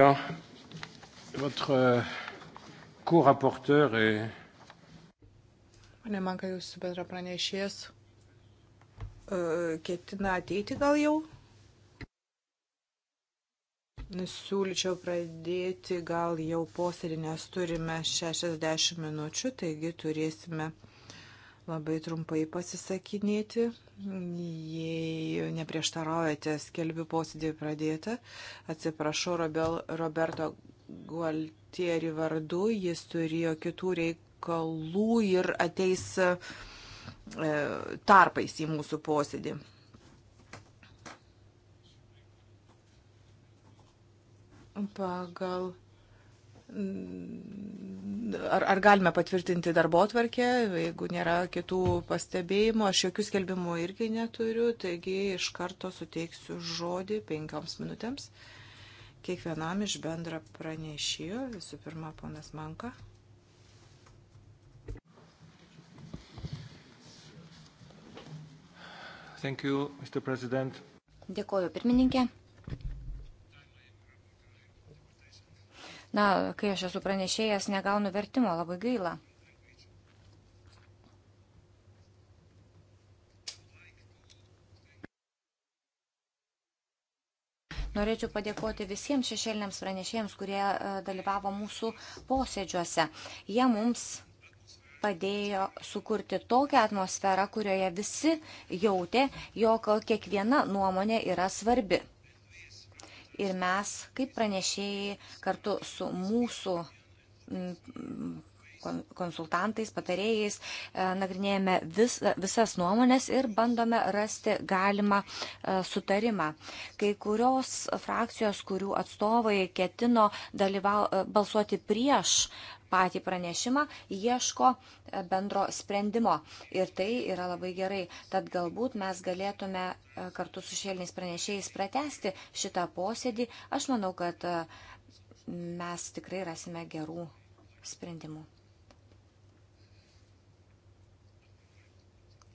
Jā, votre euh, co-rapporteur est... Manēmā, ka jūs bendrā pranēšies. Ketina ateiti gal jau? Siūlyčiau pradėti gal jau posėdį, nes turime 60 minučių, taigi turėsime labai trumpai pasisakinėti. Jei neprieštaraujate, skelbiu posėdį pradėtą. Atsiprašau Robel, Roberto Gualtieri vardu, jis turėjo kitų reikalų ir ateis e, tarpais į mūsų posėdį. Pagal ar, ar galime patvirtinti darbo atvarkę, jeigu nėra kitų pastebėjimų, aš jokių skelbimų irgi neturiu, taigi iš karto suteiksiu žodį penkioms minutėms kiekvienam iš bendra pranešėjo, visų pirma, ponas Manka. Thank you, Mr. President. Dėkoju, pirmininkė. Na, kai aš esu pranešėjas, negaunu vertimo, labai gaila. Norėčiau padėkoti visiems šešėliniams pranešėjams, kurie e, dalyvavo mūsų posėdžiuose. Jie mums padėjo sukurti tokią atmosferą, kurioje visi jautė, jog kiekviena nuomonė yra svarbi ir mes, kaip pranešėjai, kartu su mūsų konsultantais, patarėjais, e, nagrinėjame vis, visas nuomonės ir bandome rasti galimą e, sutarimą. Kai kurios frakcijos, kurių atstovai ketino dalyvau, e, balsuoti prieš patį pranešimą, ieško bendro sprendimo. Ir tai yra labai gerai. Tad galbūt mes galėtume kartu su šėliniais pranešėjais pratesti šitą posėdį. Aš manau, kad mes tikrai rasime gerų sprendimų.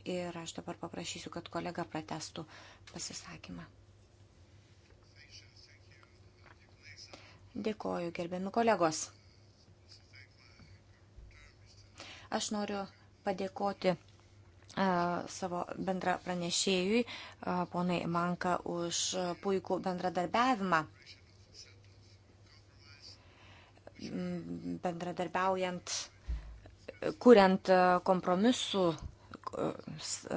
ir aš dabar paprašysiu, kad kolega pratestų pasisakymą. Dėkoju, gerbiami kolegos. Aš noriu padėkoti uh, savo bendra pranešėjui, uh, ponai Manka, už puikų bendradarbiavimą. Bendradarbiaujant, kuriant kompromisų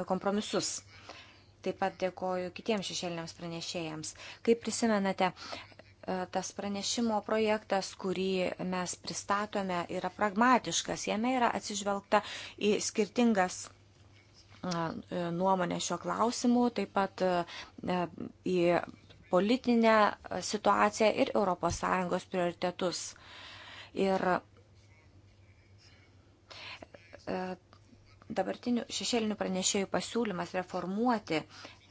kompromisus. Taip pat dėkoju kitiems šešėliniams pranešėjams. Kaip prisimenate, e, tas pranešimo projektas, kurį mes pristatome, yra pragmatiškas. Jame yra atsižvelgta į skirtingas e, e, nuomonę šio klausimu, taip pat į politinę situaciją ir ES prioritetus. Ir dabartinių šešėlinių pranešėjų pasiūlymas reformuoti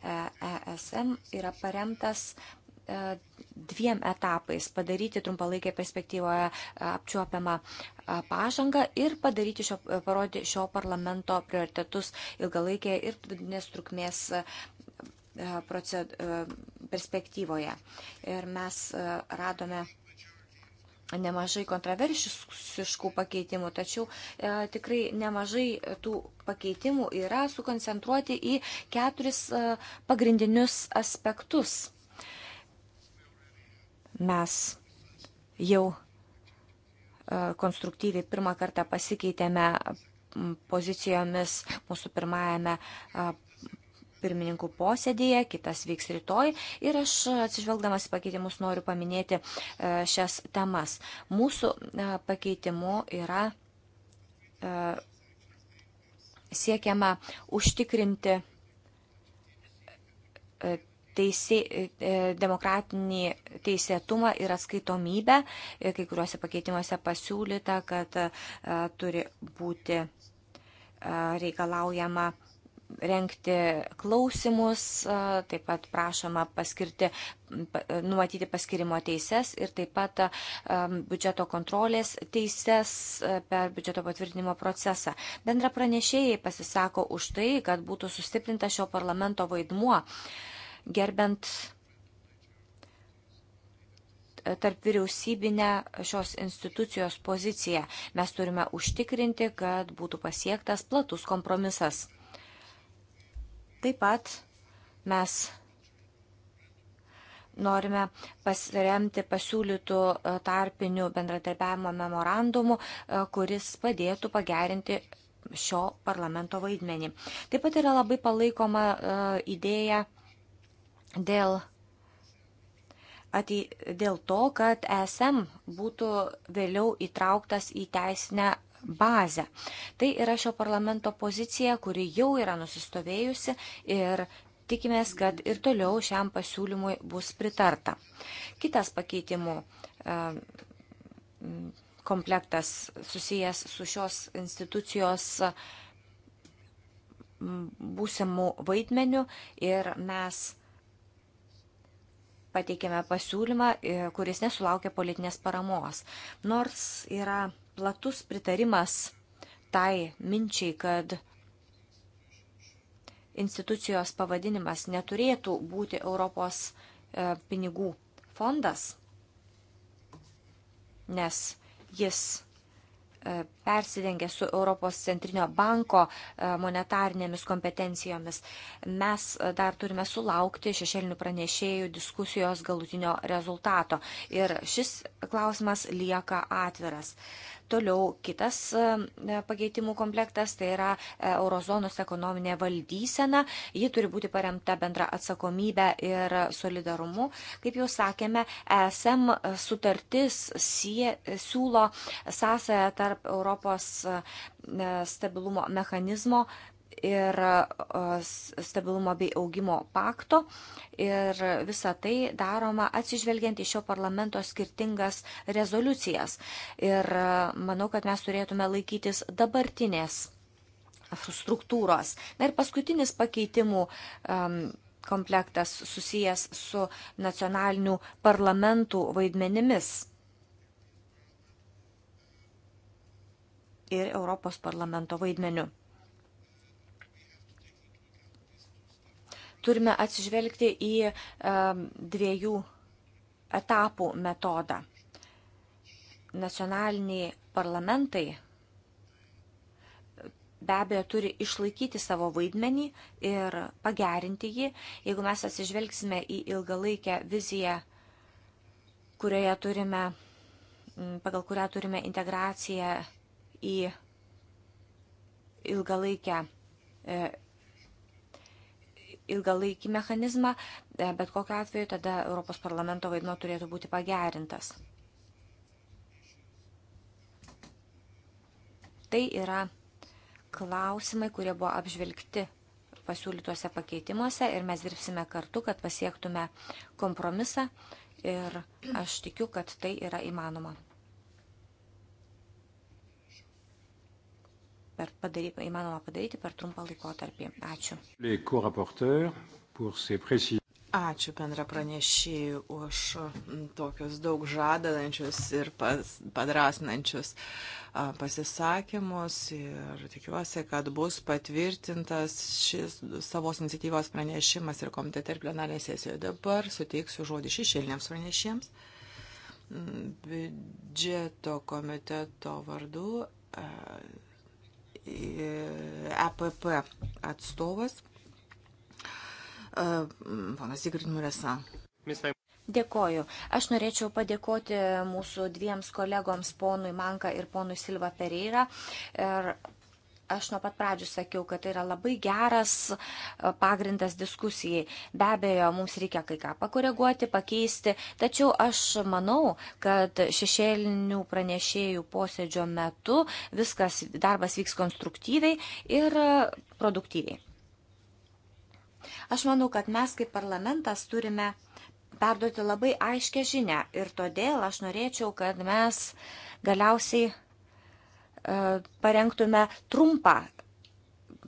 ESM e yra paremtas e, dviem etapais - padaryti trumpalaikėje perspektyvoje e, apčiuopiamą pažangą ir padaryti šio, parodyti šio parlamento prioritetus ilgalaikėje ir vidutinės trukmės perspektyvoje. Ir mes radome nemažai kontroversiškų pakeitimų, tačiau e, tikrai nemažai tų pakeitimų yra sukoncentruoti į keturis e, pagrindinius aspektus. Mes jau e, konstruktyviai pirmą kartą pasikeitėme pozicijomis mūsų pirmajame pirmininkų posėdėje, kitas vyks rytoj ir aš atsižvelgdamas į pakeitimus noriu paminėti e, šias temas. Mūsų e, pakeitimu yra e, siekiama užtikrinti teisė, demokratinį teisėtumą ir atskaitomybę. Kai kuriuose pakeitimuose pasiūlyta, kad turi būti reikalaujama rengti klausimus, taip pat prašoma paskirti, numatyti paskirimo teises ir taip pat biudžeto kontrolės teises per biudžeto patvirtinimo procesą. Bendra pranešėjai pasisako už tai, kad būtų sustiprinta šio parlamento vaidmuo, gerbent tarp vyriausybinę šios institucijos poziciją. Mes turime užtikrinti, kad būtų pasiektas platus kompromisas. Taip pat mes norime pasiremti pasiūlytų e, tarpinių bendradarbiavimo memorandumų, e, kuris padėtų pagerinti šio parlamento vaidmenį. Taip pat yra labai palaikoma e, idėja dėl, atei, dėl to, kad ESM būtų vėliau įtrauktas į teisinę bazę. Tai yra šio parlamento pozicija, kuri jau yra nusistovėjusi ir tikimės, kad ir toliau šiam pasiūlymui bus pritarta. Kitas pakeitimų e, komplektas susijęs su šios institucijos būsimų vaidmenių ir mes pateikėme pasiūlymą, e, kuris nesulaukė politinės paramos. Nors yra platus pritarimas tai minčiai, kad institucijos pavadinimas neturėtų būti Europos e, pinigų fondas, nes jis e, persidengia su Europos centrinio banko e, monetarnėmis kompetencijomis. Mes dar turime sulaukti šešėlinių pranešėjų diskusijos galutinio rezultato. Ir šis klausimas lieka atviras. Toliau kitas e, pakeitimų komplektas tai yra e, eurozonos ekonominė valdysena. Ji turi būti paremta bendra atsakomybė ir solidarumu. Kaip jau sakėme, ESM sutartis sie, siūlo sąsąją tarp Europos e, stabilumo mechanizmo ir e, stabilumo bei augimo pakto. Ir visa tai daroma atsižvelgiant į šio parlamento skirtingas rezoliucijas. Ir e, manau, kad mes turėtume laikytis dabartinės struktūros. Na ir paskutinis pakeitimų um, komplektas susijęs su nacionalinių parlamentų vaidmenimis. Ir Europos parlamento vaidmeniu. turime atsižvelgti į um, dviejų etapų metodą. Nacionaliniai parlamentai be abejo turi išlaikyti savo vaidmenį ir pagerinti jį. Jeigu mes atsižvelgsime į ilgalaikę viziją, kurioje turime, mm, pagal kurią turime integraciją į ilgalaikę e, ilgalaikį mechanizmą, e, bet kokiu atveju tada Europos parlamento vaidmo turėtų būti pagerintas. Tai yra klausimai, kurie buvo apžvelgti pasiūlytuose pakeitimuose ir mes dirbsime kartu, kad pasiektume kompromisą ir aš tikiu, kad tai yra įmanoma. per padary, įmanoma padaryti per trumpą laikotarpį. Ačiū. Ačiū bendra pranešėjai už mm, tokius daug žadančius ir pas, padrasnančius pasisakymus ir tikiuosi, kad bus patvirtintas šis savos iniciatyvos pranešimas ir komitete ir plenarinė sesijoje. Dabar suteiksiu žodį šešėliniams pranešėjams. Mm, biudžeto komiteto vardu EPP atstovas, ponas Igrit Muresa. Dėkoju. Aš norėčiau padėkoti mūsų dviems kolegoms, ponui Manka ir ponui Silva Pereira. Ir aš nuo pat pradžių sakiau, kad tai yra labai geras e, pagrindas diskusijai. Be abejo, mums reikia kai ką pakoreguoti, pakeisti, tačiau aš manau, kad šešėlinių pranešėjų posėdžio metu viskas, darbas vyks konstruktyviai ir e, produktyviai. Aš manau, kad mes kaip parlamentas turime perduoti labai aiškę žinę ir todėl aš norėčiau, kad mes galiausiai parengtume trumpą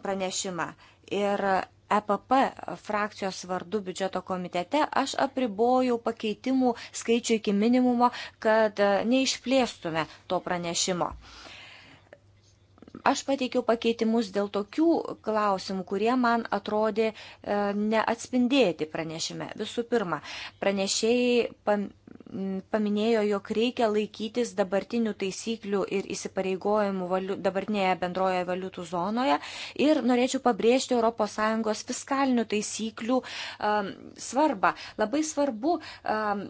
pranešimą. Ir EPP frakcijos vardu biudžeto komitete aš apribojau pakeitimų skaičių iki minimumo, kad e, neišplėstume to pranešimo. Aš pateikiau pakeitimus dėl tokių klausimų, kurie man atrodė e, neatspindėti pranešime. Visų pirma, pranešėjai paminėjo, jog reikia laikytis dabartinių taisyklių ir įsipareigojimų valiu, dabartinėje bendroje valiutų zonoje. Ir norėčiau pabrėžti ES fiskalinių taisyklių um, svarbą. Labai svarbu um,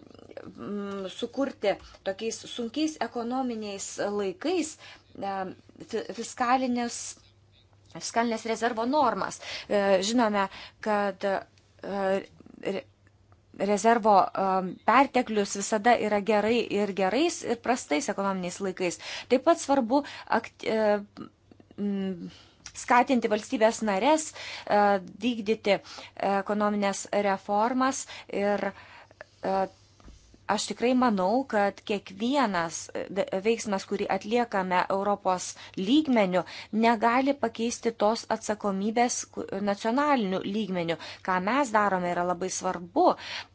sukurti tokiais sunkiais ekonominiais laikais um, fiskalinės, fiskalinės rezervo normas. E, žinome, kad. Uh, rezervo um, perteklius visada yra gerai ir gerais ir prastais ekonominiais laikais. Taip pat svarbu akti, e, skatinti valstybės narės e, vykdyti e, ekonominės reformas ir Aš tikrai manau, kad kiekvienas e, veiksmas, kurį atliekame Europos lygmenių, negali pakeisti tos atsakomybės nacionaliniu lygmeniu. Ką mes darome yra labai svarbu,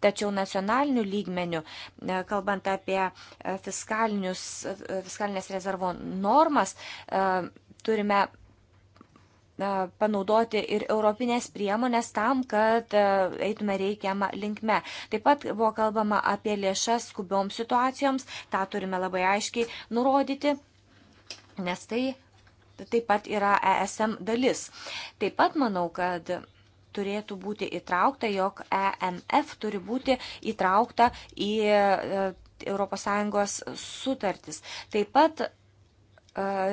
tačiau nacionaliniu lygmeniu, e, kalbant apie e, fiskalinės rezervo normas, turime panaudoti ir europinės priemonės tam, kad e, eitume reikiamą linkme. Taip pat buvo kalbama apie lėšas skubioms situacijoms, tą turime labai aiškiai nurodyti, nes tai taip pat yra ESM dalis. Taip pat manau, kad turėtų būti įtraukta, jog EMF turi būti įtraukta į ES sutartis. Taip pat e,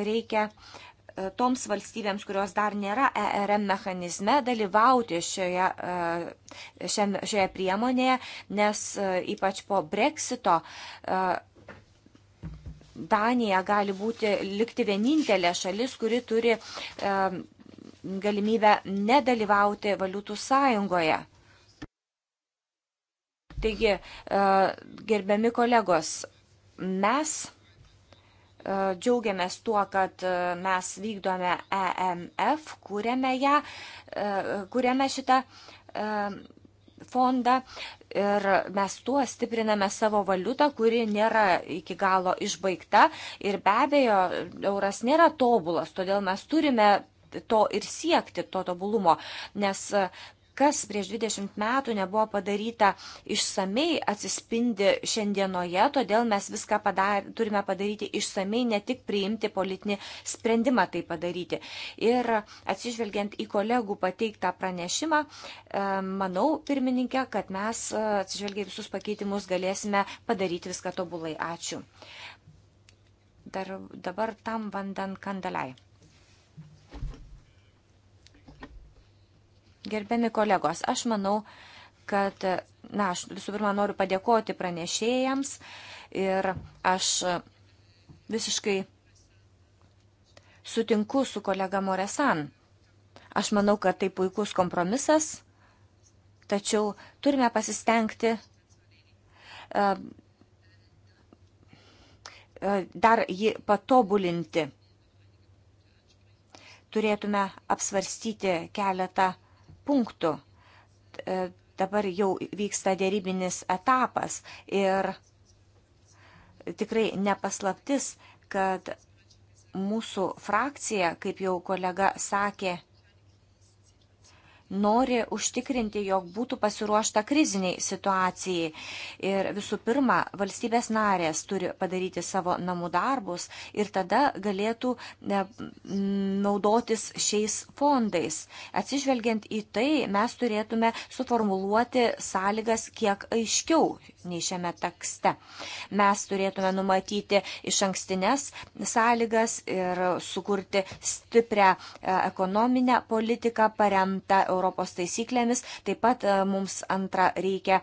reikia uh, toms valstybėms, kurios dar nėra ERM mechanizme, dalyvauti šioje, e, šiame, šioje priemonėje, nes e, ypač po breksito e, Danija gali būti likti vienintelė šalis, kuri turi galimybę nedalyvauti valiutų sąjungoje. Taigi, gerbiami kolegos, mes džiaugiamės tuo, kad e, mes vykdome EMF, kuriame, ją, e, kuriame šitą e, fondą ir mes tuo stipriname savo valiutą, kuri nėra iki galo išbaigta ir be abejo, euras nėra tobulas, todėl mes turime to ir siekti, to tobulumo, nes kas prieš 20 metų nebuvo padaryta išsamei, atsispindi šiandienoje, todėl mes viską padar, turime padaryti išsamei, ne tik priimti politinį sprendimą tai padaryti. Ir atsižvelgiant į kolegų pateiktą pranešimą, e, manau, pirmininkė, kad mes e, atsižvelgiai visus pakeitimus galėsime padaryti viską tobulai. Ačiū. Dar, dabar tam vandan kandaliai. Gerbiami kolegos, aš manau, kad, na, aš visų pirma noriu padėkoti pranešėjams ir aš visiškai sutinku su kolega Moresan. Aš manau, kad tai puikus kompromisas, tačiau turime pasistengti e, e, dar jį patobulinti. Turėtume apsvarstyti keletą uh, punktų. E, dabar jau vyksta dėrybinis etapas ir tikrai nepaslaptis, kad mūsų frakcija, kaip jau kolega sakė, nori užtikrinti, jog būtų pasiruošta kriziniai situacijai. Ir visų pirma, valstybės narės turi padaryti savo namų darbus ir tada galėtų naudotis šiais fondais. Atsižvelgiant į tai, mes turėtume suformuluoti sąlygas kiek aiškiau nei šiame tekste. Mes turėtume numatyti iš ankstinės sąlygas ir sukurti stiprią e, ekonominę politiką paremtą Europos taisyklėmis. Taip pat e, mums antra reikia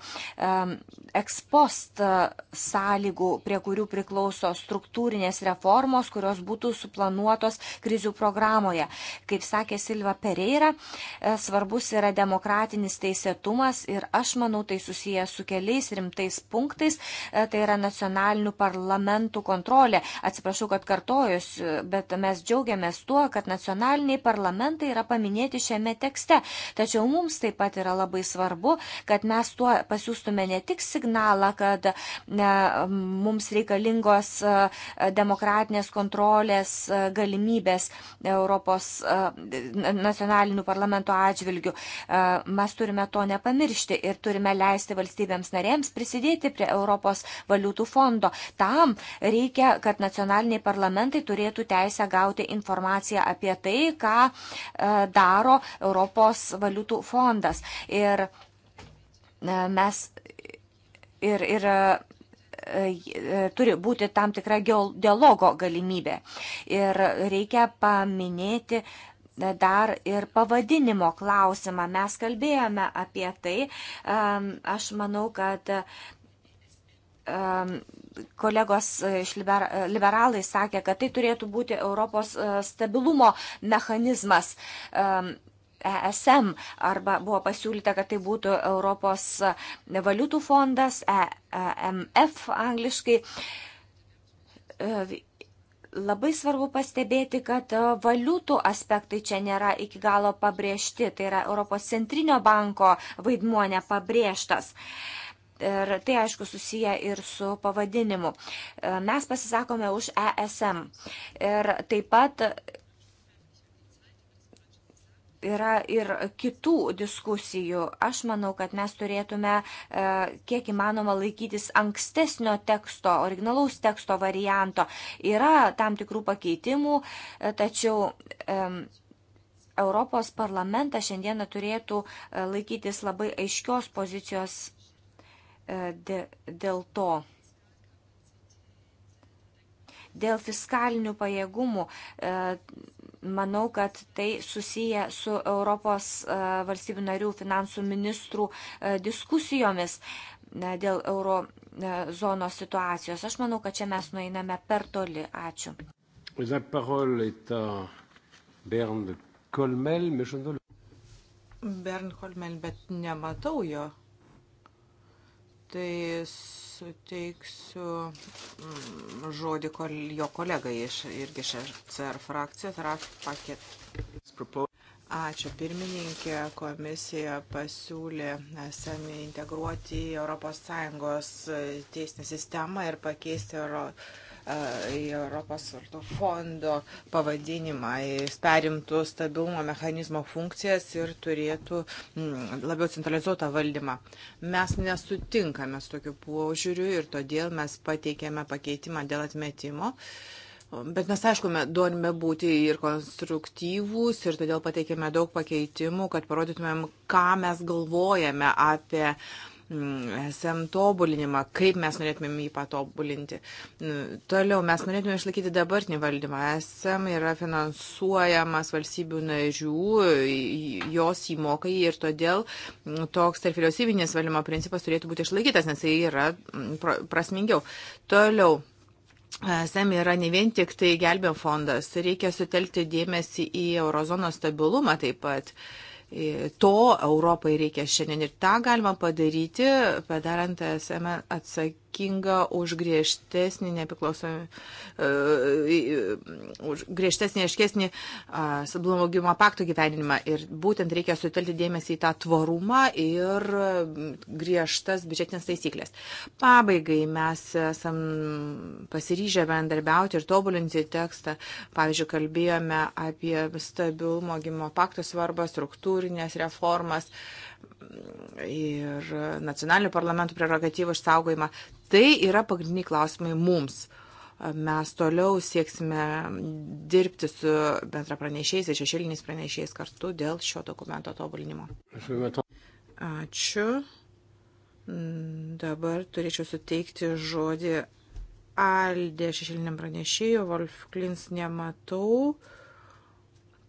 ekspost e, sąlygų, prie kurių priklauso struktūrinės reformos, kurios būtų suplanuotos krizių programoje. Kaip sakė Silva Pereira, e, svarbus yra demokratinis teisėtumas ir aš manau tai susijęs su keliais rimtais punktais. Tai yra nacionalinių parlamentų kontrolė. Atsiprašau, kad kartojus, bet mes džiaugiamės tuo, kad nacionaliniai parlamentai yra paminėti šiame tekste. Tačiau mums taip pat yra labai svarbu, kad mes tuo pasiūstume ne tik signalą, kad ne, mums reikalingos e, demokratinės kontrolės e, galimybės Europos e, nacionalinių parlamento atžvilgių. Mes turime to nepamiršti ir turime leisti valstybėms narėms prisidėti prie Europos valiutų fondo. Tam reikia, kad nacionaliniai parlamentai turėtų teisę gauti informaciją apie tai, ką daro Europos valiutų fondas. Ir e, mes ir, ir e, e, turi būti tam tikra dialogo galimybė. Ir reikia paminėti dar ir pavadinimo klausimą. Mes kalbėjome apie tai. Aš manau, kad kolegos iš liberalai sakė, kad tai turėtų būti Europos stabilumo mechanizmas. ESM arba buvo pasiūlyta, kad tai būtų Europos valiutų fondas, EMF angliškai. E, labai svarbu pastebėti, kad valiutų aspektai čia nėra iki galo pabrėžti, tai yra Europos centrinio banko vaidmuo nepabrėžtas. Ir tai aišku susiję ir su pavadinimu. E, mes pasisakome už ESM. Ir taip pat yra ir kitų diskusijų. Aš manau, kad mes turėtume e, kiek įmanoma laikytis ankstesnio teksto, originalaus teksto varianto. Yra tam tikrų pakeitimų, e, tačiau. Europos parlamentas šiandieną turėtų e, laikytis labai aiškios pozicijos dėl to dėl fiskalinių pajėgumų. E, Manau, kad tai susiję su Europos e, valstybių narių finansų ministrų e, diskusijomis e, dėl euro zonos situacijos. Aš manau, kad čia mes nueiname per toli. Ačiū. Bern Kolmel, bet nematau jo tai suteiksiu mm, žodį kol, jo kolegai iš irgi iš CR frakcijos, Raf Paket. Ačiū pirmininkė, komisija pasiūlė esame integruoti į ES e, teisinę sistemą ir pakeisti Europos E, į Europos vartų fondo pavadinimą, jis perimtų stabilumo mechanizmo funkcijas ir turėtų mm, labiau centralizuotą valdymą. Mes nesutinkame su tokiu požiūriu ir todėl mes pateikėme pakeitimą dėl atmetimo. Bet mes, aišku, norime būti ir konstruktyvūs ir todėl pateikėme daug pakeitimų, kad parodytumėm, ką mes galvojame apie uh, SM mm, tobulinimą, kaip mes norėtumėm jį patobulinti. Mm, toliau mes norėtumėm išlaikyti dabartinį valdymą. SM yra finansuojamas valstybių narių, jos įmokai ir todėl mm, toks tarp vyriausybinės valdymo principas turėtų būti išlaikytas, nes tai yra prasmingiau. Toliau. SM yra ne vien tik tai gelbėm fondas, reikia sutelkti dėmesį į eurozono stabilumą taip pat. Uh, E, to Europai reikia šiandien ir tą galima padaryti, padarant esame atsakyti atsakinga už griežtesnį nepriklausomį, e, e, už griežtesnį, aiškesnį e, stabilumo augimo pakto gyvenimą. Ir būtent reikia sutelti dėmesį į tą tvarumą ir griežtas biudžetinės taisyklės. Pabaigai mes esam pasiryžę bendarbiauti ir tobulinti tekstą. Pavyzdžiui, kalbėjome apie stabilumo augimo pakto svarbą, struktūrinės reformas ir nacionalinių parlamentų prerogatyvų išsaugojimą. Tai yra pagrindiniai klausimai mums. Mes toliau sieksime dirbti su bendrapranešėjais ir šešėliniais pranešėjais kartu dėl šio dokumento tobulinimo. Ačiū. Dabar turėčiau suteikti žodį Aldė šešėliniam pranešėjui, Wolf Klins nematau.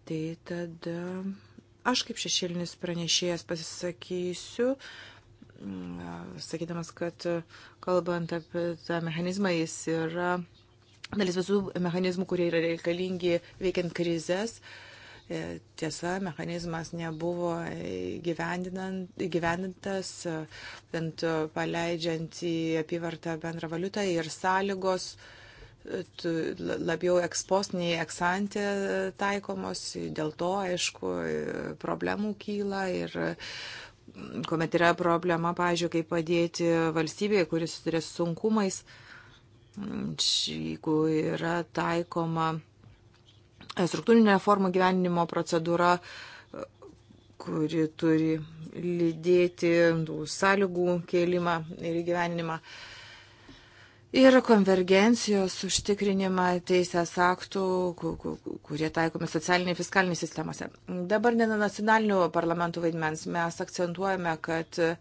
Tai tada aš kaip šešėlinis pranešėjas pasisakysiu. Uh, sakydamas, kad e, kalbant apie tą mechanizmą, jis yra dalis visų mechanizmų, kurie yra reikalingi veikiant krizės. E, tiesa, mechanizmas nebuvo gyvendintas, e, bent paleidžiant į apyvartą bendrą valiutą ir sąlygos labiau ekspostiniai eksantė taikomos, dėl to, aišku, problemų kyla ir kuomet yra problema, pažiūrėjau, kaip padėti valstybėje, kuris susiduria su sunkumais, jeigu yra taikoma struktūrinė reformų gyvenimo procedūra, kuri turi lydėti sąlygų kėlimą ir gyvenimą. Uh, Ir konvergencijos užtikrinimą teisės aktų, kurie taikomi socialiniai fiskaliniai sistemose. Dabar ne nacionalinių parlamentų vaidmens mes akcentuojame, kad e,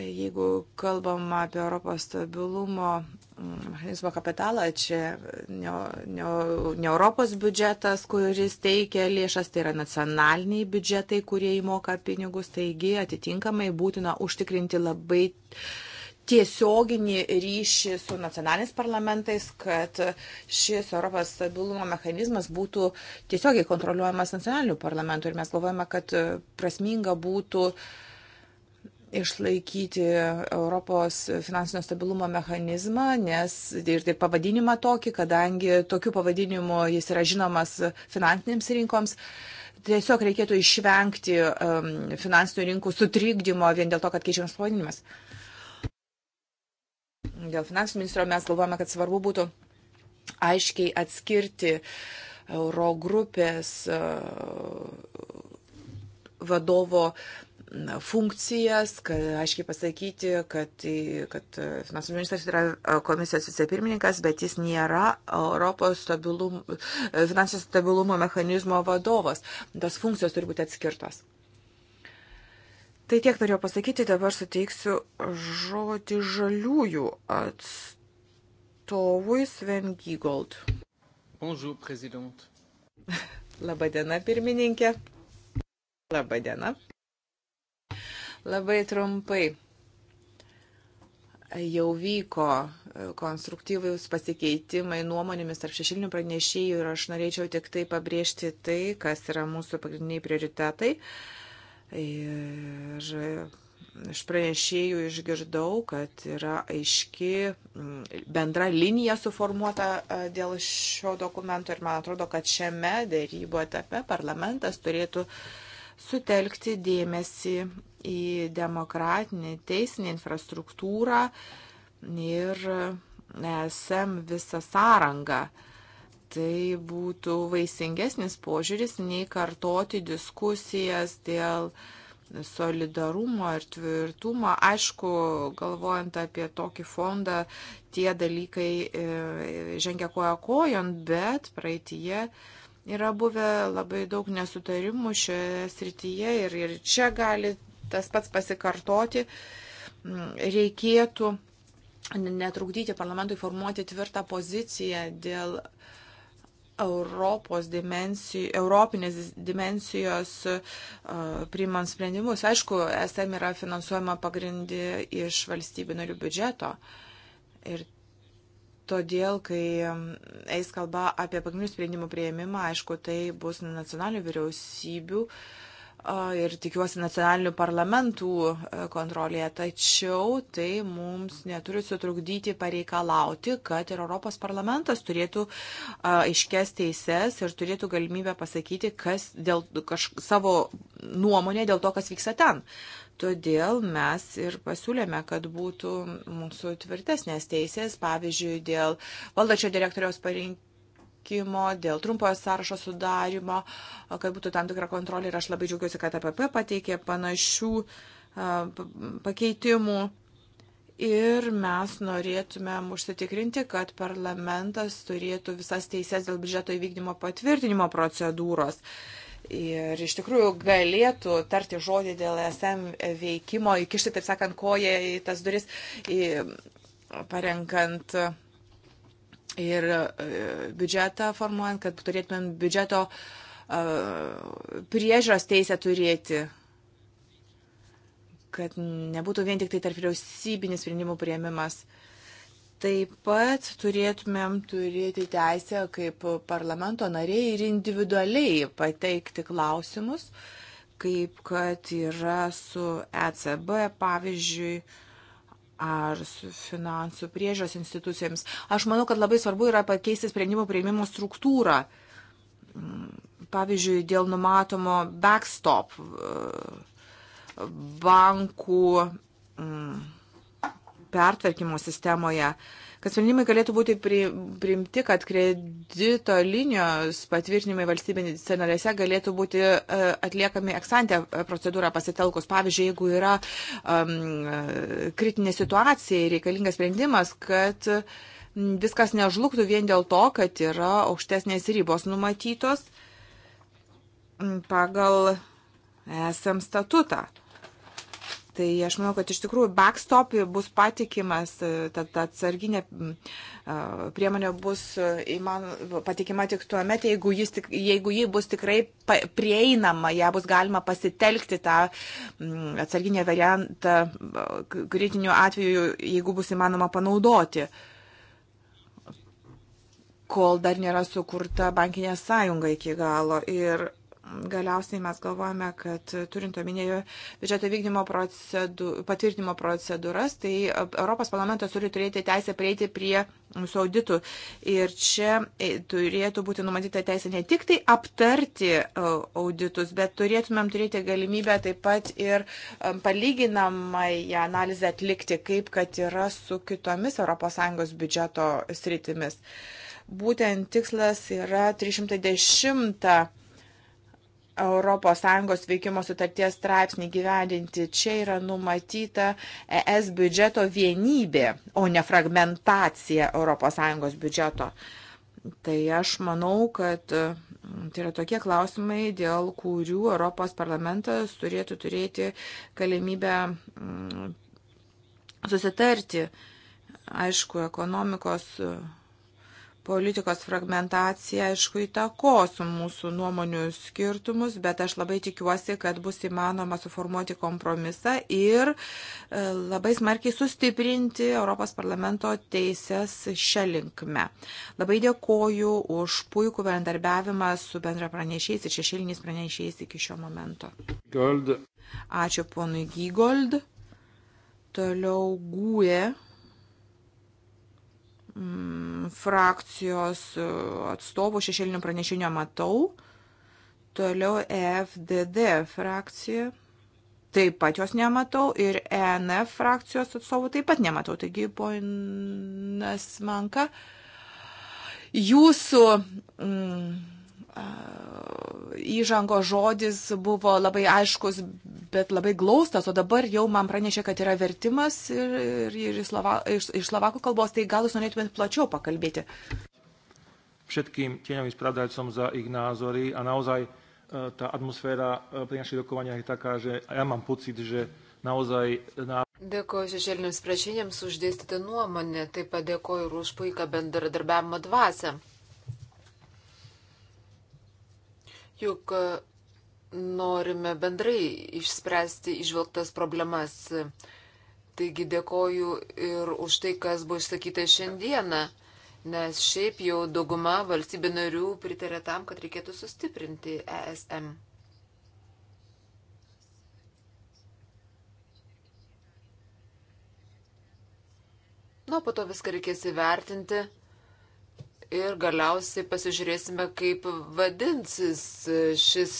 jeigu kalbam apie Europos stabilumo mm, mechanizmo kapitalą, čia ne, ne, ne Europos biudžetas, kuris teikia lėšas, tai yra nacionaliniai biudžetai, kurie įmoka pinigus, taigi atitinkamai būtina užtikrinti labai tiesioginį ryšį su nacionaliniais parlamentais, kad šis Europos stabilumo mechanizmas būtų tiesiogiai kontroliuojamas nacionalinių parlamentų. Ir mes galvojame, kad prasminga būtų išlaikyti Europos finansinio stabilumo mechanizmą, nes ir tai pavadinimą tokį, kadangi tokiu pavadinimu jis yra žinomas finansinėms rinkoms tiesiog reikėtų išvengti um, finansinių rinkų sutrikdymo vien dėl to, kad keičiamas pavadinimas dėl finansų ministro mes galvojame, kad svarbu būtų aiškiai atskirti euro grupės e, vadovo funkcijas, kad aiškiai pasakyti, kad, kad e, finansų ministras yra e, komisijos vicepirmininkas, bet jis nėra Europos stabilum, finansų stabilumo mechanizmo vadovas. Tos funkcijos turi būti atskirtos. Tai tiek norėjau pasakyti, dabar suteiksiu žodį žaliųjų atstovui Sven Gygold. Bonjour, prezident. Labadiena, pirmininkė. Labadiena. Labai trumpai jau vyko konstruktyvus pasikeitimai nuomonėmis tarp šešilinių pranešėjų ir aš norėčiau tik tai pabrėžti tai, kas yra mūsų pagrindiniai prioritetai. Uh, Ir iš pranešėjų išgirdau, kad yra aiški mm, bendra linija suformuota dėl šio dokumento ir man atrodo, kad šiame dėrybo etape parlamentas turėtų sutelkti dėmesį į demokratinį teisinį infrastruktūrą ir esam visą sąrangą. Uh, tai būtų vaisingesnis požiūris nei kartoti diskusijas dėl solidarumo ir tvirtumo. Aišku, galvojant apie tokį fondą, tie dalykai e, žengia koja kojon, bet praeitie yra buvę labai daug nesutarimų šioje srityje ir, ir čia gali tas pats pasikartoti. Mm, reikėtų netrukdyti parlamentui formuoti tvirtą poziciją dėl uh, Europos dimensijų, Europinės dimensijos e, priimant sprendimus. Aišku, SM yra finansuojama pagrindį iš valstybių narių biudžeto. Ir todėl, kai eis kalba apie pagrindinių sprendimų prieimimą, aišku, tai bus nacionalinių vyriausybių uh, ir tikiuosi nacionalinių parlamentų e, kontrolėje, tačiau tai mums neturi sutrukdyti pareikalauti, kad ir Europos parlamentas turėtų aiškes teises ir turėtų galimybę pasakyti, kas dėl kaž, savo nuomonė dėl to, kas vyksta ten. Todėl mes ir pasiūlėme, kad būtų mūsų tvirtesnės teisės, pavyzdžiui, dėl valdačio direktoriaus parinkimo veikimo, dėl trumpojo sąrašo sudarimo, kad būtų tam tikra kontrolė ir aš labai džiaugiuosi, kad APP pateikė panašių pakeitimų. Ir mes norėtumėm užsitikrinti, kad parlamentas turėtų visas teises dėl biudžeto įvykdymo patvirtinimo procedūros ir iš tikrųjų galėtų tarti žodį dėl e SM veikimo, įkišti, taip sakant, koją į tas duris, į, parenkant ir e, biudžetą formuojant, kad turėtumėm biudžeto e, priežos teisę turėti, kad nebūtų vien tik tai tarp vyriausybinis sprendimų prieimimas. Taip pat turėtumėm turėti teisę kaip parlamento nariai ir individualiai pateikti klausimus, kaip kad yra su ECB, pavyzdžiui, uh, ar su finansų priežios institucijoms. Aš manau, kad labai svarbu yra pakeisti sprendimų prieimimo struktūrą. Mm, pavyzdžiui, dėl numatomo backstop e, bankų mm, pertvarkymo sistemoje kad sprendimai galėtų būti priimti, kad kredito linijos patvirtinimai valstybinėse narėse galėtų būti e, atliekami eksantę procedūrą pasitelkus. Pavyzdžiui, jeigu yra um, kritinė situacija ir reikalingas sprendimas, kad viskas nežlugtų vien dėl to, kad yra aukštesnės ribos numatytos pagal esam statutą. Tai aš manau, kad iš tikrųjų backstop bus patikimas, e, ta, ta atsarginė priemonė bus e, įman, patikima tik tuo metu, jeigu, jis, jeigu ji bus tikrai prieinama, ją bus galima pasitelkti tą atsarginę variantą kritiniu atveju, jeigu bus įmanoma panaudoti kol dar nėra sukurta bankinė sąjunga iki galo. Ir galiausiai mes galvojame, kad turint omenyje biudžeto vykdymo procedu, patvirtinimo procedūras, tai e, Europos parlamentas turi turėti teisę prieiti prie mūsų auditų. Ir čia e, turėtų būti numatyta teisė ne tik tai aptarti e, auditus, bet turėtumėm turėti galimybę taip pat ir palyginamąją analizę atlikti, kaip kad yra su kitomis ES biudžeto sritimis. Būtent tikslas yra 310 ES veikimo sutarties straipsnį gyvendinti. Čia yra numatyta ES biudžeto vienybė, o ne fragmentacija ES biudžeto. Tai aš manau, kad mm, tai yra tokie klausimai, dėl kurių Europos parlamentas turėtų turėti galimybę mm, susitarti. Aišku, ekonomikos politikos fragmentacija, aišku, įtakos mūsų nuomonių skirtumus, bet aš labai tikiuosi, kad bus įmanoma suformuoti kompromisą ir e, labai smarkiai sustiprinti Europos parlamento teisės šią linkmę. Labai dėkoju už puikų bendarbiavimą su bendrapranešiais ir šešėliniais pranešiais iki šio momento. Gold. Ačiū ponui Gygold. Toliau Gūė frakcijos э, atstovų šešėlinių pranešinių matau. Toliau EFDD frakcija. Taip pat jos nematau ir ENF frakcijos atstovų taip pat nematau. Taigi, ponas Manka, jūsų mm, įžango žodis buvo labai aiškus, bet labai glaustas, o dabar jau man pranešė, kad yra vertimas ir, ir, ir iš, slava, iš, iš slovakų kalbos, tai gal jūs norėtumėt plačiau pakalbėti. Všetkým tieňovým spravodajcom za ich názory a naozaj e, tá atmosféra e, pri našich rokovaniach je taká, že ja mám pocit, že naozaj... Na... Dėkoju šešėliniams prašinėms už dėstytą nuomonę, taip pat dėkoju ir už puiką bendradarbiavimo dvasę. juk e, norime bendrai išspręsti išvilktas problemas. Taigi dėkoju ir už tai, kas buvo išsakyta šiandieną, nes šiaip jau dauguma valstybė narių pritarė tam, kad reikėtų sustiprinti ESM. Na, po to viską reikės įvertinti ir galiausiai pasižiūrėsime, kaip vadinsis šis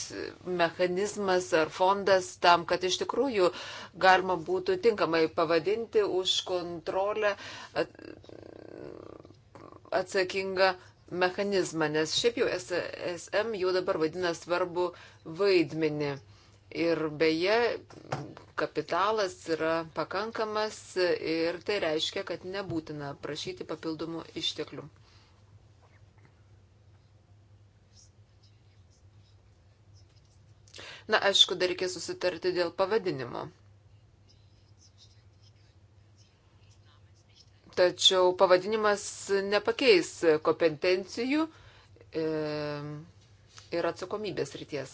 mechanizmas ar fondas tam, kad iš tikrųjų galima būtų tinkamai pavadinti už kontrolę atsakingą mechanizmą, nes šiaip jau SM jau dabar vadina svarbu vaidmenį. Ir beje, kapitalas yra pakankamas ir tai reiškia, kad nebūtina prašyti papildomų išteklių. Na, aišku, dar reikės susitarti dėl pavadinimo. Tačiau pavadinimas nepakeis kompetencijų e, ir atsakomybės ryties.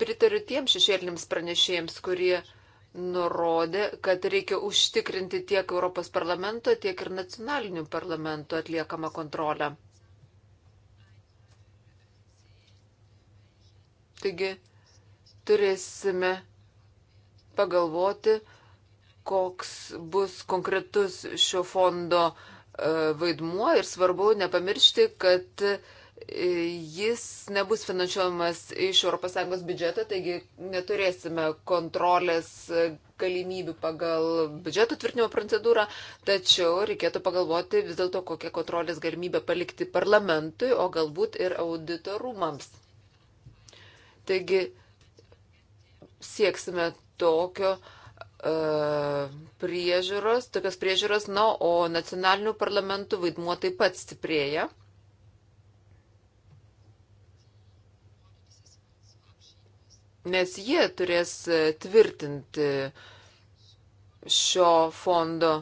Pritariu tiems šešėlinims pranešėjams, kurie nurodė, kad reikia užtikrinti tiek Europos parlamento, tiek ir nacionalinių parlamentų atliekamą kontrolę. Taigi turėsime pagalvoti, koks bus konkretus šio fondo e, vaidmuo ir svarbu nepamiršti, kad e, jis nebus finansuojamas iš ES biudžeto, taigi neturėsime kontrolės e, galimybių pagal biudžeto tvirtinimo procedūrą, tačiau reikėtų pagalvoti vis dėlto, kokią kontrolės galimybę palikti parlamentui, o galbūt ir auditorumams. Taigi sieksime tokio uh, priežiūros, tokios priežiūros, na, no, o nacionalinių parlamentų vaidmuo taip pat stiprėja. Nes jie turės tvirtinti šio fondo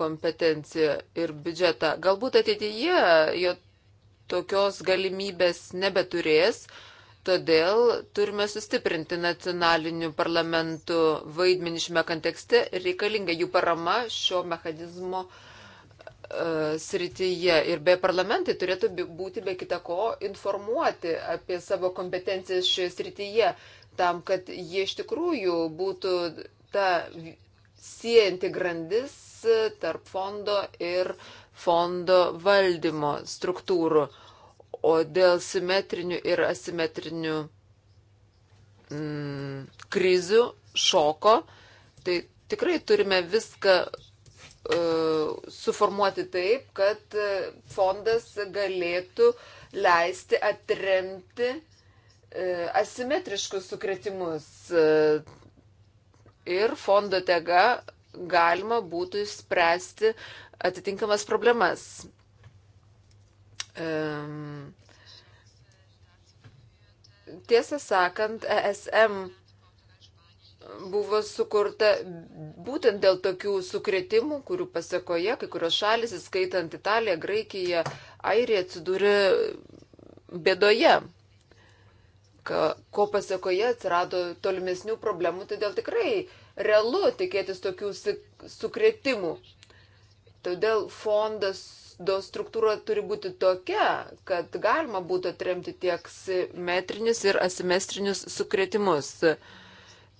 kompetenciją ir biudžetą. Galbūt ateityje jo tokios galimybės nebeturės, uh, Todėl turime sustiprinti nacionalinių parlamentų vaidmenį šiame kontekste ir reikalinga jų parama šio mechanizmo uh, srityje. Ir be parlamentai turėtų būti be kita ko informuoti apie savo kompetencijas šioje srityje, tam, kad jie iš tikrųjų būtų ta siejanti grandis tarp fondo ir fondo valdymo struktūrų. O dėl simetrinių ir asimetrinių mm, krizių, šoko, tai tikrai turime viską uh, suformuoti taip, kad e, fondas galėtų leisti atremti uh, asimetriškus sukretimus. Uh, ir fondo tega galima būtų spręsti atitinkamas problemas. Um, tiesą sakant, ESM buvo sukurta būtent dėl tokių sukretimų, kurių pasakoje kai kurios šalis, įskaitant Italiją, Graikiją, Airiją, atsidūrė bėdoje, ko pasakoje atsirado tolimesnių problemų, todėl tikrai realu tikėtis tokių sukretimų. Todėl fondas do struktūra turi būti tokia, kad galima būtų atremti tiek simetrinius ir asimetrinius sukretimus.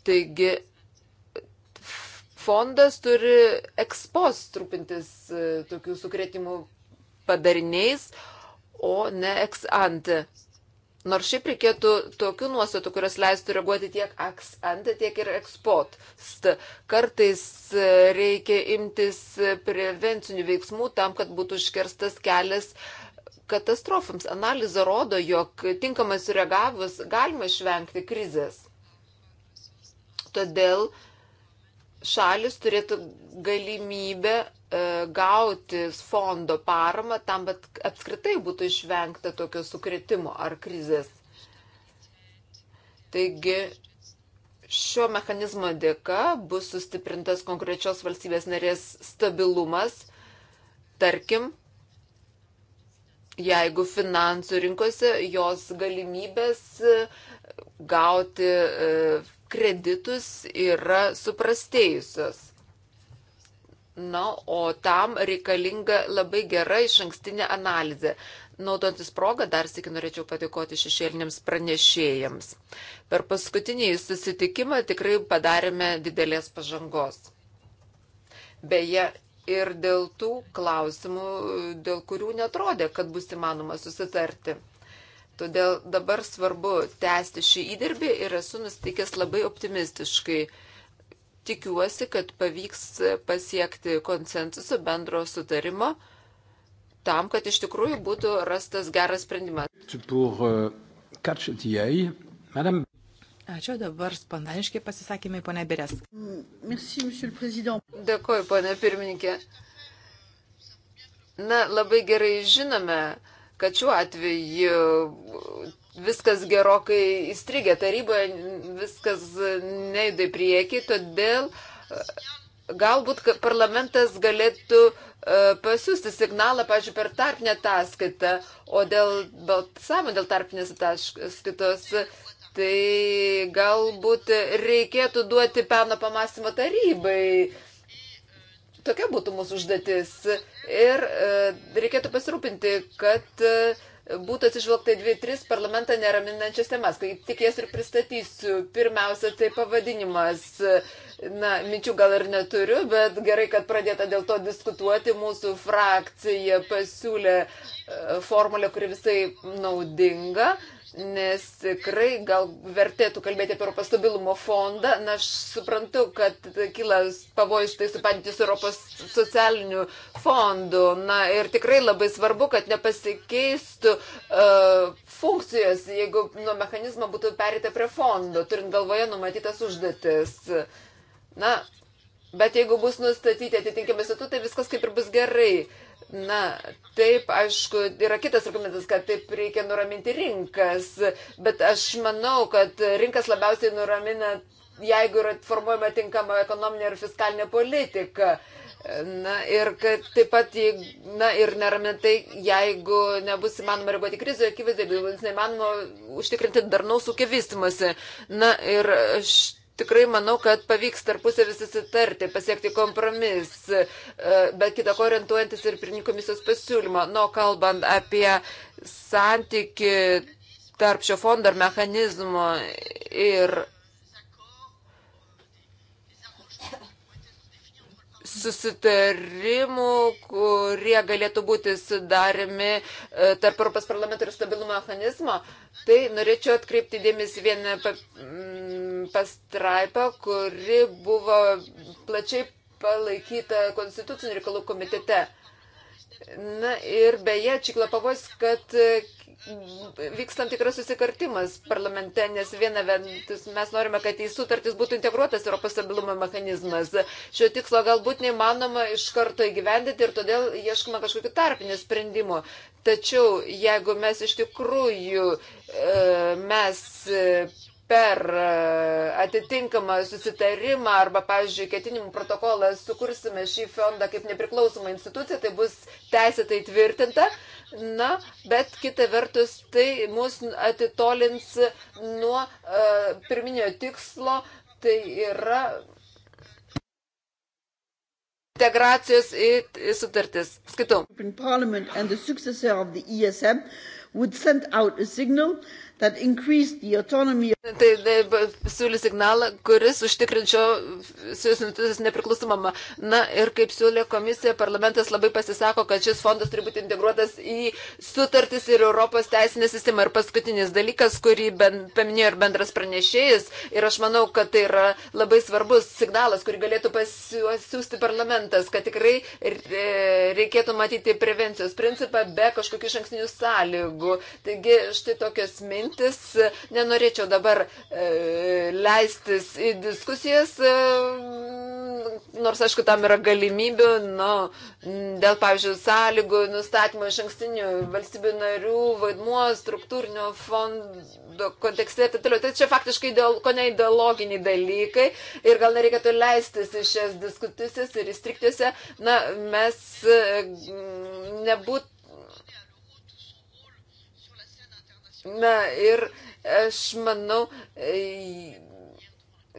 Taigi fondas turi ekspos trupintis e, tokių sukretimų padariniais, o ne ex ante. Nors šiaip reikėtų tokių nuostatų, kurios leistų reaguoti tiek ante, tiek ir ekspot. Kartais e, reikia imtis prevencinių veiksmų tam, kad būtų užkirstas kelias katastrofams. Analiza rodo, jog tinkamai sureagavus galima išvengti krizės. Todėl šalis turėtų galimybę e, gauti fondo paramą tam, kad apskritai būtų išvengta tokio sukretimo ar krizės. Taigi šio mechanizmo dėka bus sustiprintas konkrečios valstybės narės stabilumas, tarkim, jeigu finansų rinkose jos galimybės e, gauti e, kreditus yra suprastėjusios. Na, o tam reikalinga labai gera iš ankstinė analizė. Naudotis progą, dar sėki norėčiau patikoti šešėliniams pranešėjams. Per paskutinį susitikimą tikrai padarėme didelės pažangos. Beje, ir dėl tų klausimų, dėl kurių netrodė, kad bus įmanoma susitarti. Todėl dabar svarbu tęsti šį įdirbį ir esu nusteikęs labai optimistiškai. Tikiuosi, kad pavyks pasiekti konsensuso bendro sutarimo tam, kad iš tikrųjų būtų rastas geras sprendimas. Uh, Ačiū, dabar spontaniškai pasisakymai, ponia Birės. Dėkuoju, ponia pirmininkė. Na, labai gerai žinome, kad šiuo atveju e, viskas gerokai įstrigė taryboje, viskas nejuda į priekį, todėl e, galbūt parlamentas galėtų e, pasiūsti signalą, pažiūrėjau, per tarpinę ataskaitą, o dėl balsavimo dėl tarpinės ataskaitos, tai galbūt reikėtų duoti peno pamastymo tarybai Tokia būtų mūsų užduotis. Ir e, reikėtų pasirūpinti, kad e, būtų atsižvelgta dvi, tris parlamentą neraminančias temas, kai tik jas ir pristatysiu. Pirmiausia, tai pavadinimas. Na, minčių gal ir neturiu, bet gerai, kad pradėta dėl to diskutuoti. Mūsų frakcija pasiūlė e, formulę, kuri visai naudinga nes tikrai gal vertėtų kalbėti apie Europos stabilumo fondą. Na, aš suprantu, kad kyla pavojus tai supantis Europos socialinių fondų. Na, ir tikrai labai svarbu, kad nepasikeistų uh, funkcijos, jeigu nuo mechanizmo būtų perėta prie fondo, turint galvoje numatytas užduotis. Na, bet jeigu bus nustatyti atitinkami statutai, viskas kaip ir bus gerai. Uh, Na, taip, aišku, yra kitas argumentas, kad taip reikia nuraminti rinkas, bet aš manau, kad rinkas labiausiai nuramina, jeigu yra formuojama tinkama ekonominė ir fiskalinė politika. Na ir kad taip pat, na ir neramintai, jeigu nebus įmanoma reaguoti krizę, akivaizdžiai, bus neįmanoma užtikrinti darnaus ūkio vystimasi. Na ir aš tikrai manau, kad pavyks tarpusavį susitarti, pasiekti kompromis, e, bet kitą ko orientuojantis ir prie komisijos pasiūlymo. Nu, kalbant apie santyki tarp šio fondo ar mechanizmo ir susitarimų, kurie galėtų būti sudarimi e, tarp Europos parlamento ir stabilumo mechanizmo, tai norėčiau atkreipti dėmesį vieną pastraipą, kuri buvo plačiai palaikyta Konstitucinio reikalų komitete. Na ir beje, čikla pavojus, kad e, vyks tam tikras susikartimas parlamente, nes viena ventus mes norime, kad į sutartis būtų integruotas Europos stabilumo mechanizmas. Šio tikslo galbūt neįmanoma iš karto įgyvendinti ir todėl ieškoma kažkokiu tarpiniu sprendimu. Tačiau jeigu mes iš tikrųjų e, mes per e, atitinkamą susitarimą arba, pavyzdžiui, ketinimų protokolą sukursime šį fondą kaip nepriklausomą instituciją, tai bus teisėtai tvirtinta. Na, bet kita vertus, tai mus atitolins nuo uh, pirminio tikslo, tai yra integracijos į, į sutartis. Skaitau that increased the autonomy. Tai, tai siūlė signalą, kuris užtikrinčio siūsintis nepriklausomumą. Na ir kaip siūlė komisija, parlamentas labai pasisako, kad šis fondas turi būti integruotas į sutartis ir Europos teisinę sistemą. Ir paskutinis dalykas, kurį ben, paminėjo ir bendras pranešėjas, ir aš manau, kad tai yra labai svarbus signalas, kurį galėtų pasiūsti parlamentas, kad tikrai reikėtų matyti prevencijos principą be kažkokių šankstinių sąlygų. Taigi štai tokios mintis mintis. Nenorėčiau dabar e, leistis į diskusijas, e, nors aišku, tam yra galimybių, nu, dėl, pavyzdžiui, sąlygų nustatymo iš ankstinių valstybių narių vaidmuo, struktūrinio fondo kontekste ir taip toliau. Tai čia faktiškai dėl, ko ne ideologiniai dalykai ir gal nereikėtų leistis į šias diskusijas ir įstriktiuose. Na, mes e, nebūt Na ir aš manau, e,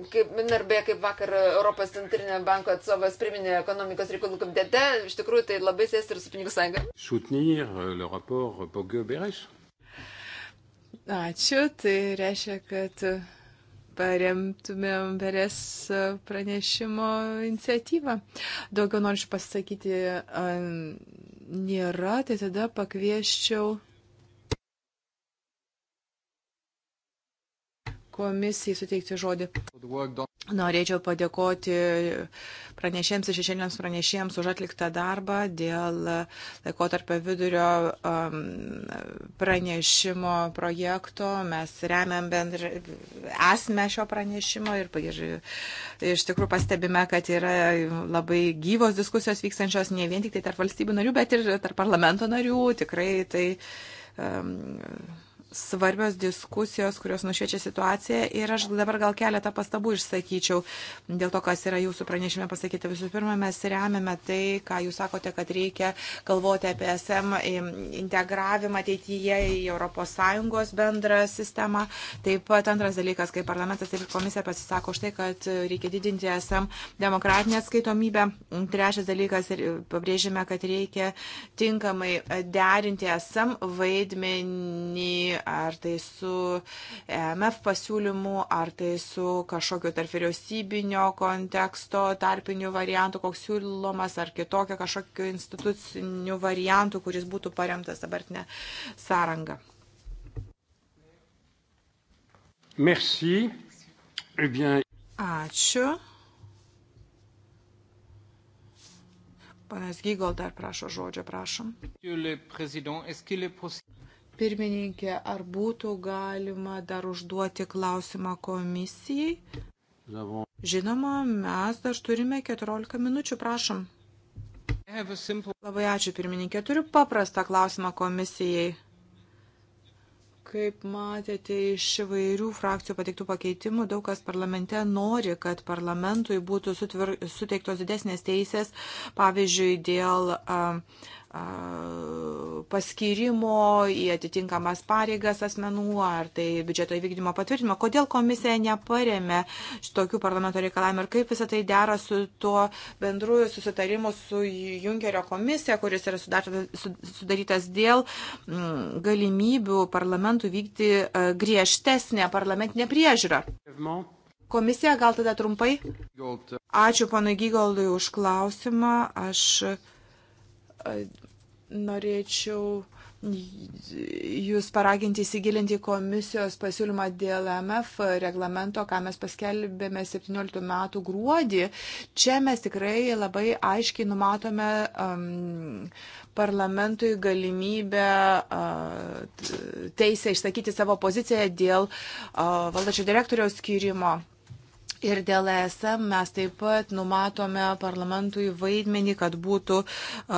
kaip Minarbė, kaip vakar Europos centrinio banko atsovas priminė ekonomikos reikalų komitete, iš tikrųjų tai labai sės ir su pinigų sąjunga. Soutenir e, le rapport Pogio-Beres. Ačiū, tai reiškia, kad paremtumėm Beres pranešimo iniciatyvą. Daugiau noriu pasakyti, nėra, tai tada pakvieščiau komisijai suteikti žodį. Norėčiau padėkoti pranešėjams ir šešėliams pranešėjams už atliktą darbą dėl laikotarpio vidurio um, pranešimo projekto. Mes remiam bendrą esmę šio pranešimo ir, ir iš tikrųjų pastebime, kad yra labai gyvos diskusijos vykstančios ne vien tik tai tarp valstybių narių, bet ir tarp parlamento narių. Tikrai tai. Um, svarbios diskusijos, kurios nušviečia situaciją ir aš dabar gal keletą pastabų išsakyčiau dėl to, kas yra jūsų pranešime pasakyti. Visų pirma, mes remiame tai, ką jūs sakote, kad reikia galvoti apie SM integravimą ateityje į ES bendrą sistemą. Taip pat antras dalykas, kai parlamentas ir komisija pasisako už tai, kad reikia didinti SM demokratinę atskaitomybę. Trečias dalykas, pabrėžime, kad reikia tinkamai derinti SM vaidmenį ar tai su EMF pasiūlymu, ar tai su kažkokio tarp vyriausybinio konteksto tarpinių variantų, koks siūlomas, ar kitokio kažkokio institucinių variantų, kuris būtų paremtas dabartinė sąranga. Merci. Eh bien... Ačiū. Panas Gygol dar prašo žodžio, prašom. Pirmininkė, ar būtų galima dar užduoti klausimą komisijai? Žinoma, mes dar turime 14 minučių, prašom. Simple... Labai ačiū, pirmininkė. Turiu paprastą klausimą komisijai. Kaip matėte iš įvairių frakcijų pateiktų pakeitimų, daug kas parlamente nori, kad parlamentui būtų sutver, suteiktos didesnės teisės, pavyzdžiui, dėl uh, paskirimo į atitinkamas pareigas asmenų, ar tai biudžeto įvykdymo patvirtinimo. Kodėl komisija neparemė šitokių parlamento reikalavimų ir kaip visą tai dera su tuo bendruoju susitarimu su Junkerio komisija, kuris yra sudarytas dėl mm, galimybių parlamentų vykti griežtesnę parlamentinę priežiūrą. Komisija gal tada trumpai? Ačiū panai Gygoldui už klausimą. Aš norėčiau Jūs paraginti įsigilinti komisijos pasiūlymą dėl MF reglamento, ką mes paskelbėme 17 metų gruodį. Čia mes tikrai labai aiškiai numatome um, parlamentui galimybę uh, teisę išsakyti savo poziciją dėl uh, valdačio direktoriaus skirimo. Ir dėl ESM mes taip pat numatome parlamentui vaidmenį, kad būtų uh,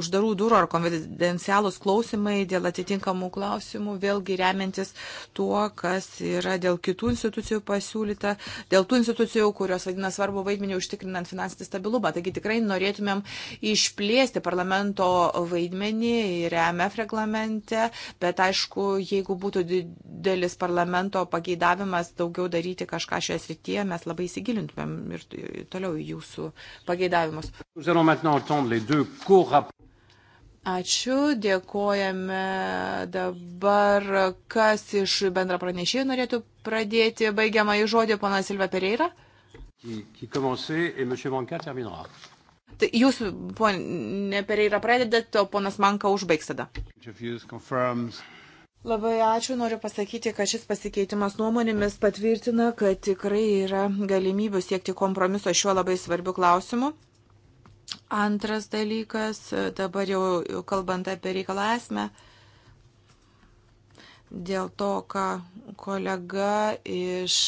uždarų durų ar konfidencialūs klausimai dėl atitinkamų klausimų, vėlgi remiantis tuo, kas yra dėl kitų institucijų pasiūlyta, dėl tų institucijų, kurios vadina svarbu vaidmenį užtikrinant finansinį stabilumą. Taigi tikrai norėtumėm išplėsti parlamento vaidmenį ir EMF reglamente, bet aišku, jeigu būtų didelis parlamento pageidavimas daugiau daryti kažką šioje srityje, mes mes labai įsigilintumėm ir toliau į jūsų pageidavimus. Ačiū, dėkojame dabar, kas iš bendra pranešėjų norėtų pradėti baigiamą į žodį, pana Silva Pereira. Tai jūs, ponė Pereira, pradedat, o ponas Manka užbaigs tada. Confirms... Labai ačiū, noriu pasakyti, kad šis pasikeitimas nuomonėmis patvirtina, kad tikrai yra galimybių siekti kompromiso šiuo labai svarbiu klausimu. Antras dalykas, dabar jau kalbant apie reikalą esmę, dėl to, ką kolega iš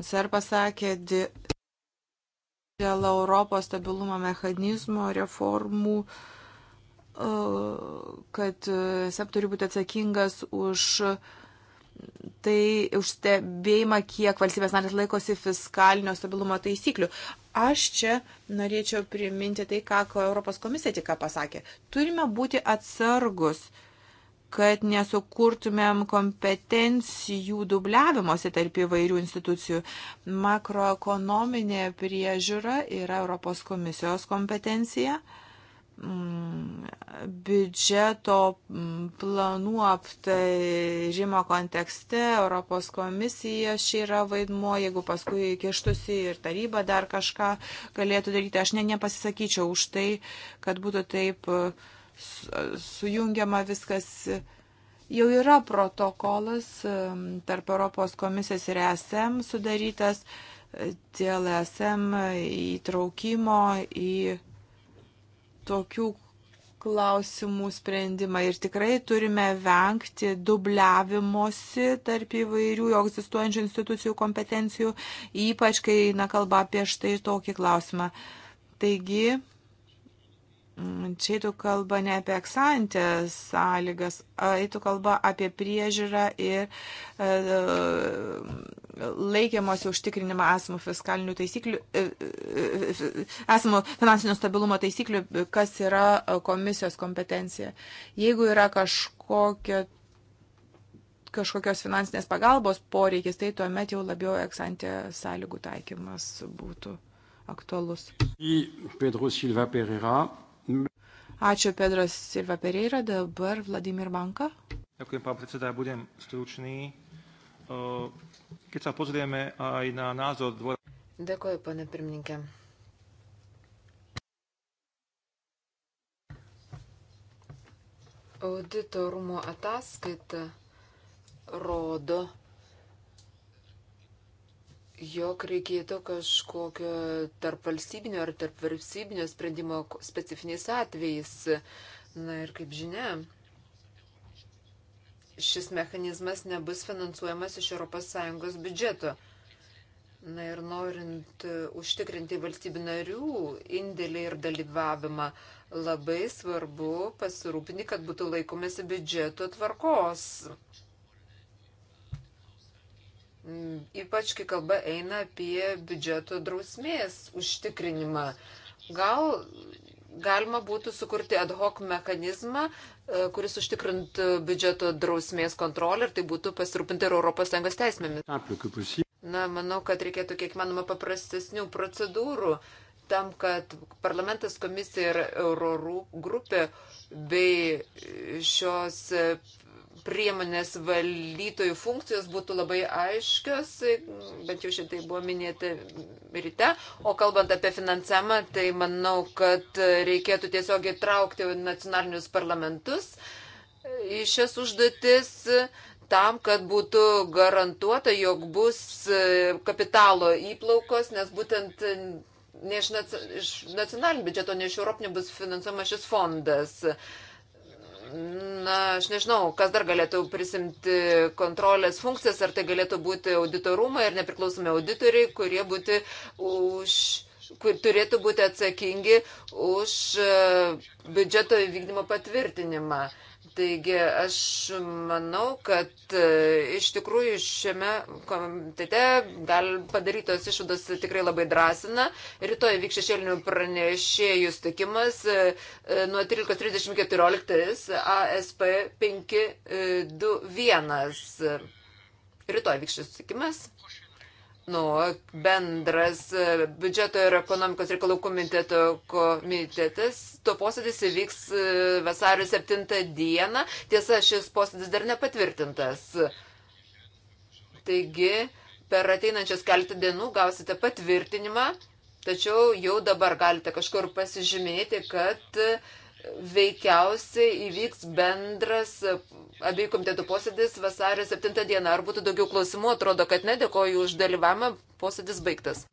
SR pasakė, dėl Europos stabilumo mechanizmo reformų. Uh, Uh, kad uh, SEP turi būti atsakingas už uh, tai už stebėjimą, kiek valstybės narės laikosi fiskalinio stabilumo taisyklių. Aš čia norėčiau priminti tai, ką Europos komisija tik pasakė. Turime būti atsargus, kad nesukurtumėm kompetencijų dubliavimuose tarp įvairių institucijų. Makroekonominė priežiūra yra Europos komisijos kompetencija. Uh, biudžeto mm, planų aptarimo kontekste Europos komisija šį yra vaidmuo, jeigu paskui kištusi ir taryba dar kažką galėtų daryti. Aš ne, nepasisakyčiau už tai, kad būtų taip e, sujungiama viskas. Jau yra protokolas e, tarp Europos komisijos ir ESM sudarytas e, dėl ESM įtraukimo į tokių klausimų sprendimą ir tikrai turime vengti dubliavimosi tarp įvairių jau egzistuojančių institucijų kompetencijų, ypač kai eina kalba apie štai tokį klausimą. Taigi, mm, čia eitų kalba ne apie eksantės sąlygas, eitų kalba apie priežiūrą ir e, laikiamosi užtikrinimą esamų fiskalinių taisyklių, e, e, e, esamų finansinio stabilumo taisyklių, kas yra komisijos kompetencija. Jeigu yra kažkokio kažkokios finansinės pagalbos poreikis, tai tuomet jau labiau eksantė sąlygų taikymas būtų aktualus. Pedro Silva Pereira. Ačiū Pedras Silva Pereira, dabar Vladimir Manka. Dėkui, pan predsedaj, budem stručný. Kad sa pozrieme aj na názor dvora... Dėkoju, pane pirmininkė. Audito rūmo ataskaita rodo, jog reikėtų kažkokio eh, tarp valstybinio ar tarp valstybinio sprendimo specifiniais atvejais. Na ir kaip žinia, šis mechanizmas nebus finansuojamas iš ES biudžeto. Na ir norint e, užtikrinti valstybių narių indėlį ir dalyvavimą, labai svarbu pasirūpinti, kad būtų laikomasi biudžeto tvarkos. Mm, ypač, kai kalba eina apie biudžeto drausmės užtikrinimą. Gal galima būtų sukurti ad hoc mechanizmą, e, kuris užtikrintų biudžeto drausmės kontrolę ir tai būtų pasirūpinti ir ES teismėmis. Na, manau, kad reikėtų kiek manoma paprastesnių procedūrų tam, kad parlamentas, komisija ir euro grupė bei šios priemonės valytojų funkcijos būtų labai aiškios, bent jau šitai buvo minėti ryte. O kalbant apie finansavimą, tai manau, kad reikėtų tiesiog įtraukti nacionalinius parlamentus į šias užduotis tam, kad būtų garantuota, jog bus kapitalo įplaukos, nes būtent ne iš nacionalinio biudžeto, ne iš Europinio bus finansuojamas šis fondas. Uh, Na, aš nežinau, kas dar galėtų prisimti kontrolės funkcijas, ar tai galėtų būti auditorumai ir nepriklausomi auditoriai, kurie būti už, kur turėtų būti atsakingi už e, biudžeto įvykdymo patvirtinimą. Taigi aš manau, kad e, iš tikrųjų šiame komitete gal padarytos išvados tikrai labai drąsina. Rytoj vyks šešėlinių pranešėjų stikimas e, e, nuo 13.30-14 ASP 521. Rytoj vyks šis stikimas nu, bendras e, biudžeto ir ekonomikos reikalų komiteto komitetas. Tuo posėdis įvyks e, vasario 7 dieną. Tiesa, šis posėdis dar nepatvirtintas. Taigi, per ateinančias keletą dienų gausite patvirtinimą, tačiau jau dabar galite kažkur pasižymėti, kad uh, veikiausiai įvyks bendras abiejų komitetų posėdis vasario 7 dieną. Ar būtų daugiau klausimų? Atrodo, kad ne. Dėkoju už dalyvavimą. Posėdis baigtas.